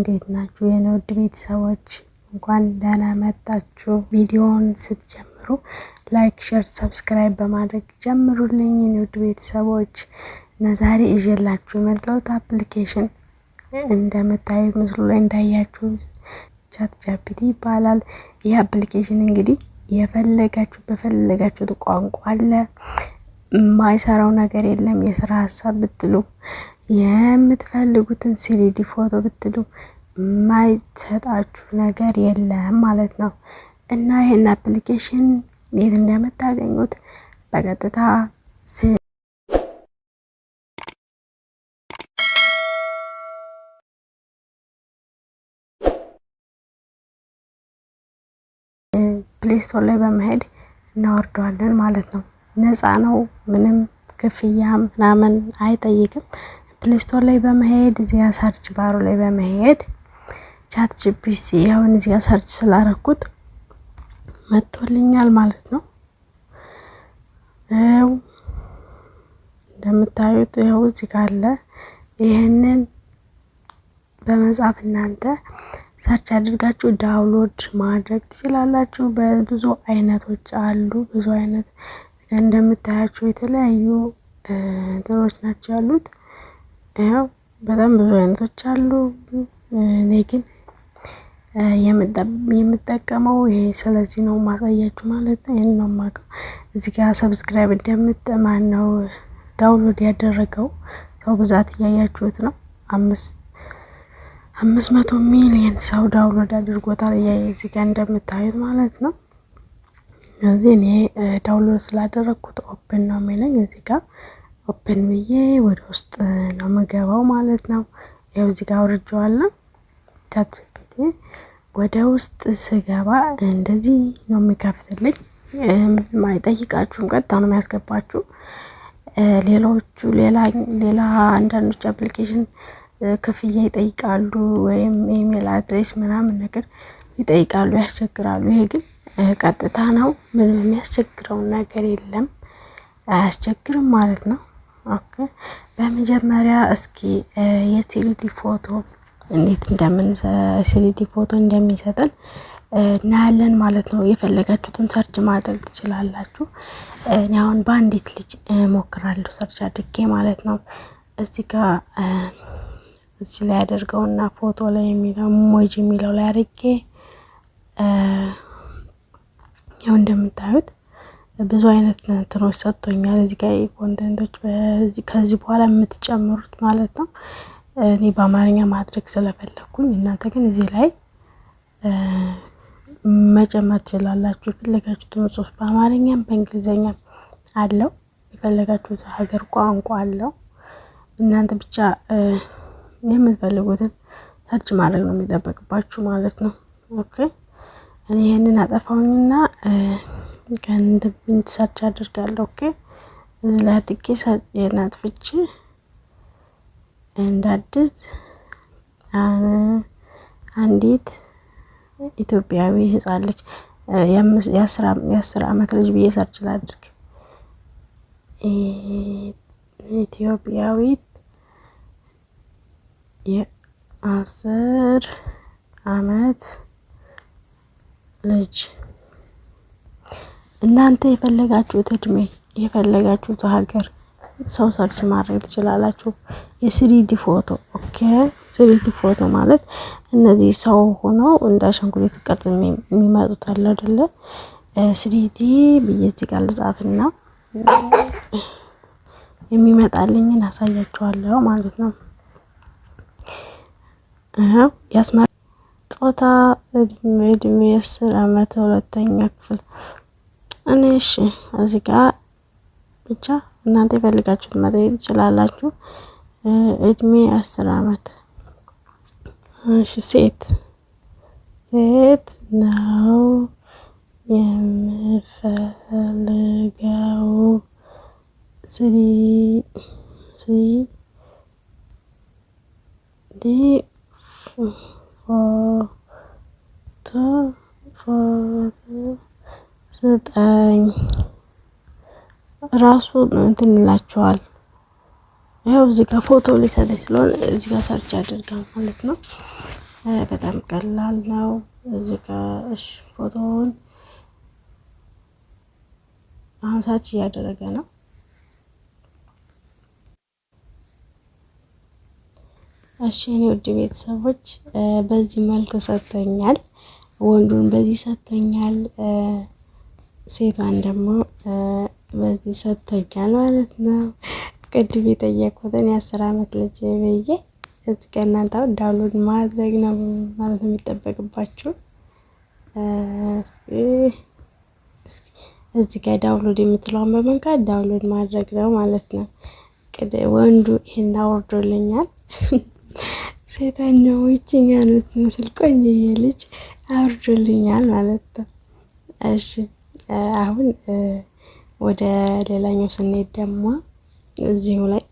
እንዴት ናችሁ የኔ ውድ ቤተሰቦች? እንኳን ደህና መጣችሁ። ቪዲዮውን ስትጀምሩ ላይክ፣ ሸር፣ ሰብስክራይብ በማድረግ ጀምሩልኝ የኔ ውድ ቤተሰቦች። ዛሬ እዤላችሁ የመጣሁት አፕሊኬሽን እንደምታዩት ምስሉ ላይ እንዳያችሁ ቻት ጃፒቲ ይባላል። ይህ አፕሊኬሽን እንግዲህ የፈለጋችሁ በፈለጋችሁት ቋንቋ አለ። የማይሰራው ነገር የለም። የስራ ሀሳብ ብትሉ የምትፈልጉትን ስሪዲ ፎቶ ብትሉ የማይሰጣችሁ ነገር የለም ማለት ነው። እና ይህን አፕሊኬሽን የት እንደምታገኙት በቀጥታ ፕሌስቶር ላይ በመሄድ እናወርደዋለን ማለት ነው። ነፃ ነው። ምንም ክፍያ ምናምን አይጠይቅም። ፕሌስቶር ላይ በመሄድ እዚያ ሰርች ባሩ ላይ በመሄድ ቻት ጂፒቲ አሁን እዚያ ሰርች ስላረኩት መጥቶልኛል ማለት ነው። ይኸው እንደምታዩት ያው እዚህ ጋር አለ። ይህንን በመጻፍ እናንተ ሰርች አድርጋችሁ ዳውንሎድ ማድረግ ትችላላችሁ። በብዙ አይነቶች አሉ። ብዙ አይነት እንደምታያችሁ የተለያዩ እንትኖች ናቸው ያሉት። ይኸው በጣም ብዙ አይነቶች አሉ። እኔ ግን የምጠቀመው ይሄ ስለዚህ ነው ማሳያችሁ ማለት ነው። ይህን ነው የማውቀው። እዚህ ጋር ሰብስክራይብ እንደምጠማን ነው ዳውንሎድ ያደረገው ሰው ብዛት እያያችሁት ነው። አምስት መቶ ሚሊየን ሰው ዳውንሎድ አድርጎታል እዚህ ጋር እንደምታዩት ማለት ነው። እዚህ እኔ ዳውንሎድ ስላደረግኩት ኦፕን ነው የሚለኝ እዚህ ጋር ኦፕን ብዬ ወደ ውስጥ ነው የምገባው ማለት ነው። ያው እዚህ ጋር አውርጄዋለሁ ቻት ጂፒቲ። ወደ ውስጥ ስገባ እንደዚህ ነው የሚከፍትልኝ። ማይጠይቃችሁም ቀጥታ ነው የሚያስገባችሁ። ሌሎቹ ሌላ አንዳንዶች አፕሊኬሽን ክፍያ ይጠይቃሉ ወይም ኢሜል አድሬስ ምናምን ነገር ይጠይቃሉ፣ ያስቸግራሉ። ይሄ ግን ቀጥታ ነው። ምንም የሚያስቸግረውን ነገር የለም፣ አያስቸግርም ማለት ነው። ኦኬ በመጀመሪያ እስኪ የስሪዲ ፎቶ እንዴት እንደምን ሲሊዲ ፎቶ እንደሚሰጠን እናያለን ማለት ነው። የፈለጋችሁትን ሰርች ማድረግ ትችላላችሁ። እኔ አሁን በአንዲት ልጅ ሞክራለሁ ሰርች አድርጌ ማለት ነው። እዚህ ጋር እዚህ ላይ አደርገውና ፎቶ ላይ የሚለው ሞጅ የሚለው ላይ አድርጌ ያው እንደምታዩት ብዙ አይነት እንትኖች ሰጥቶኛል። እዚህ ጋር ኮንቴንቶች ከዚህ በኋላ የምትጨምሩት ማለት ነው። እኔ በአማርኛ ማድረግ ስለፈለግኩኝ እናንተ ግን እዚህ ላይ መጨመር ትችላላችሁ። የፈለጋችሁትን ጽሁፍ በአማርኛም በእንግሊዝኛ አለው። የፈለጋችሁት ሀገር ቋንቋ አለው። እናንተ ብቻ የምትፈልጉትን ሰርች ማድረግ ነው የሚጠበቅባችሁ ማለት ነው። ኦኬ እኔ ይህንን አጠፋውኝና ቀን እንደብኝ ሰርች አድርጋለሁ። ኦኬ እዚህ ላይ አድርጌ የናጥፍቼ እንዳድስ አንዲት ኢትዮጵያዊ ህጻን ልጅ የአስር አመት ልጅ ብዬ ሰርች ላድርግ። ኢትዮጵያዊት የአስር አመት ልጅ እናንተ የፈለጋችሁት እድሜ የፈለጋችሁት ሀገር ሰው ሰርች ማድረግ ትችላላችሁ። የስሪዲ ፎቶ ኦኬ። ስሪዲ ፎቶ ማለት እነዚህ ሰው ሆነው እንደ አሻንጉሊት ቅርጽ የሚመጡት አለ አደለ? ስሪዲ ብዬ ጋር ልጻፍና የሚመጣልኝን አሳያችኋለሁ ማለት ነው። ያስመ ጾታ እድሜ እድሜ አስር አመት ሁለተኛ ክፍል እኔ እሺ እዚህ ጋ ብቻ እናንተ የፈልጋችሁት መጠየቅ ትችላላችሁ። እድሜ አስር አመት። እሺ ሴት ሴት ነው የምፈልገው። ስሪ ዲ ፎቶ ፎቶ ስጠኝ ራሱ እንትን ይላቸዋል። ይኸው እዚህ ጋር ፎቶ ሊሰጠኝ ስለሆነ እዚህ ጋር ሰርች አድርጋል ማለት ነው። በጣም ቀላል ነው። እዚህ ጋር እሺ፣ ፎቶውን አሁን ሰርች እያደረገ ነው። እሺ እኔ ውድ ቤተሰቦች በዚህ መልኩ ሰጥቶኛል። ወንዱን በዚህ ሰጥተኛል። ሴቷን ደግሞ በዚህ ሰጥቶኛል ማለት ነው። ቅድም የጠየኩትን የአስር አመት ልጅ ብዬ እዚ ከእናንተ አሁን ዳውንሎድ ማድረግ ነው ማለት ነው የሚጠበቅባችሁ። እዚ ጋ ዳውንሎድ የምትለውን በመንካት ዳውንሎድ ማድረግ ነው ማለት ነው። ወንዱ ይሄን አውርዶልኛል። ሴታኛው ይችኛል የምትመስል ቆንጆዬ ልጅ አውርዶልኛል ማለት ነው። እሺ አሁን ወደ ሌላኛው ስንሄድ ደግሞ እዚሁ ላይ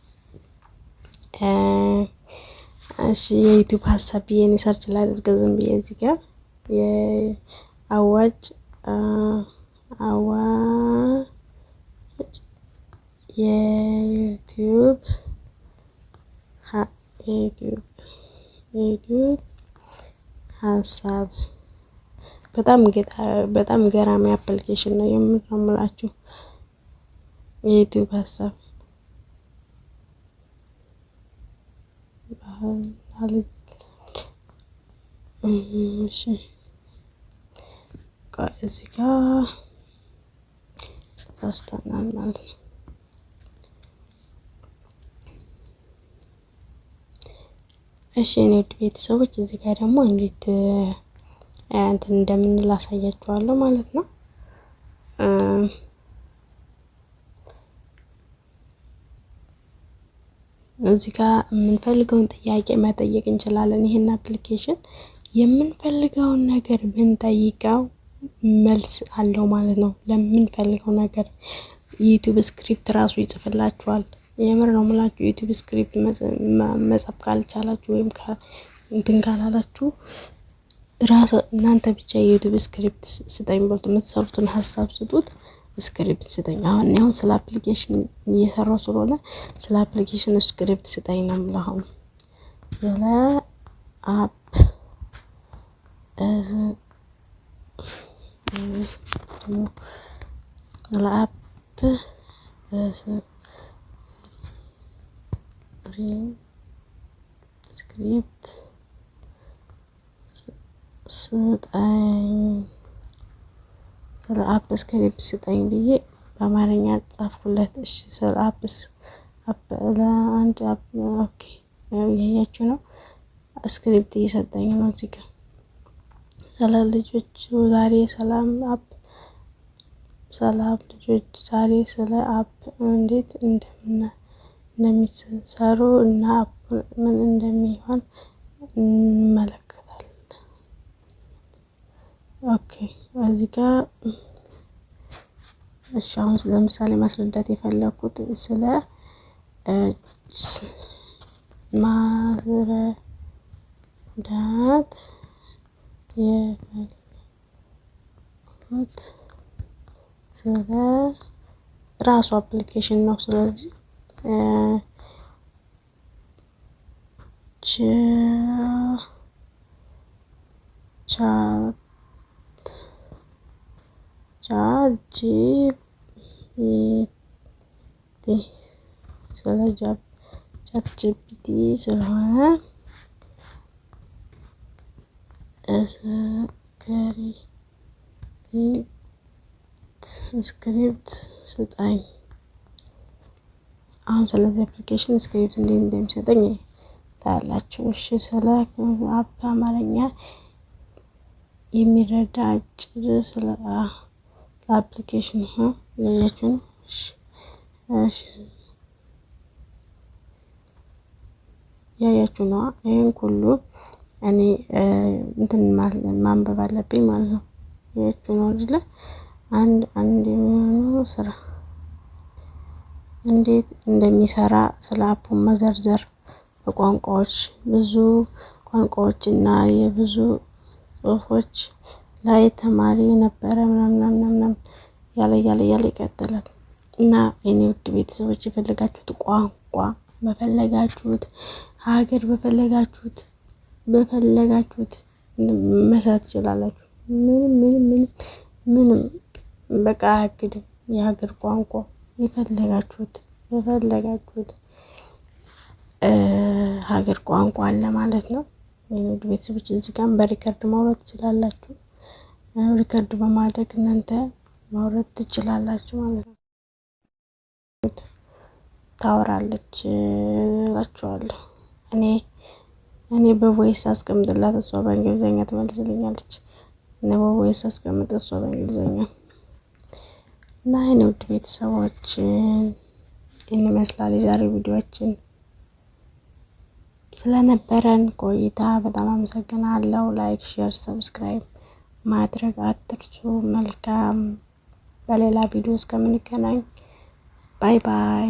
እሺ የዩቱብ ሀሳብ ብዬ እኔ ሰርች ላደርግ ዝም ብዬ እዚህ ጋር የአዋጅ አዋጅ የዩቱብ የዩቲዩብ ሀሳብ በጣም ገራሚ አፕሊኬሽን ነው የምላችሁ። የዩቲዩብ ሀሳብ እዚህ ጋ ተሳስተናል ማለት ነው። እሺ እኔ ውድ ቤተሰቦች እዚህ ጋ ደግሞ እንዴት እንትን እንደምንል አሳያችኋለሁ ማለት ነው። እዚህ ጋር የምንፈልገውን ጥያቄ መጠየቅ እንችላለን። ይህን አፕሊኬሽን የምንፈልገውን ነገር ብንጠይቀው መልስ አለው ማለት ነው። ለምንፈልገው ነገር ዩቲዩብ ስክሪፕት ራሱ ይጽፍላችኋል። የምር ነው የምላችሁ። ዩቲዩብ ስክሪፕት መጻፍ ካልቻላችሁ ወይም እንትን ካላላችሁ ራስ እናንተ ብቻ የዩቱብ ስክሪፕት ስጠኝ ብሎት የምትሰሩትን ሀሳብ ስጡት። ስክሪፕት ስጠኝ። አሁን አሁን ስለ አፕሊኬሽን እየሰራው ስለሆነ ስለ አፕሊኬሽን ስክሪፕት ስጠኝ ነው የምለው። አሁን ስለ አፕ ስክሪፕት ስጠኝ ስለ አብስ ከልብ ስጠኝ ብዬ በአማርኛ ጻፍኩለት። እሺ ስለ አብስ ለአንድ ኦኬ ያያችሁ ነው ስክሪፕት እየሰጠኝ ነው እዚህ ጋር ስለ ልጆች ዛሬ ሰላም አብ ሰላም ልጆች ዛሬ ስለ አፕ እንዴት እንደሚሰሩ እና ምን እንደሚሆን እንመለከ እዚህ ጋር እሺ፣ አሁን ለምሳሌ ማስረዳት የፈለኩት ስለ ማስረዳት የፈለኩት ስለ ራሱ አፕሊኬሽን ነው። ስለዚህ ቻት सोलह job ChatGPT सोलह है स्क्रिप्ट ስጠኝ አሁን ስለዚህ አፕሊኬሽን ስክሪፕት እንዴት እንደሚሰጠኝ ታያላችሁ። እሺ ስለ አፕ አማርኛ የሚረዳ አጭር ስለ አፕሊኬሽን ይሄ እያያችሁ ነው። እሺ እያያችሁ ነው። ይሄን ሁሉ እኔ እንትን ማንበብ አለብኝ ማለት ነው። እያያችሁ ነው አይደለ? አንድ አንድ የሚሆኑ ስራ እንዴት እንደሚሰራ ስለ አፑ መዘርዘር በቋንቋዎች ብዙ ቋንቋዎች እና የብዙ ጽሁፎች ላይ ተማሪ ነበረ ምናምናምናምናም ያለ ያለ ያለ ይቀጥላል። እና እኔ ውድ ቤተሰቦች የፈለጋችሁት ቋንቋ በፈለጋችሁት ሀገር በፈለጋችሁት በፈለጋችሁት መስራት ትችላላችሁ። ምንም ምንም ምንም ምንም በቃ አያግድም። የሀገር ቋንቋ የፈለጋችሁት በፈለጋችሁት ሀገር ቋንቋ አለ ማለት ነው። የኔ ውድ ቤተሰቦች እዚህ ጋር በሪከርድ ማውራት ትችላላችሁ። ሪከርድ በማድረግ እናንተ ማውረድ ትችላላችሁ ማለት ነው። ታወራለች እላችኋለሁ። እኔ እኔ በቮይስ አስቀምጥላት እሷ በእንግሊዝኛ ትመልስልኛለች። እኔ በቮይስ አስቀምጥ እሷ በእንግሊዝኛ እና ይህን ውድ ቤተሰቦችን ይመስላል የዛሬ ቪዲዮችን ስለነበረን ቆይታ በጣም አመሰግናለሁ። ላይክ፣ ሼር፣ ሰብስክራይብ ማድረግ አትርሱ። መልካም። በሌላ ቪዲዮ እስከምንገናኝ ባይ ባይ።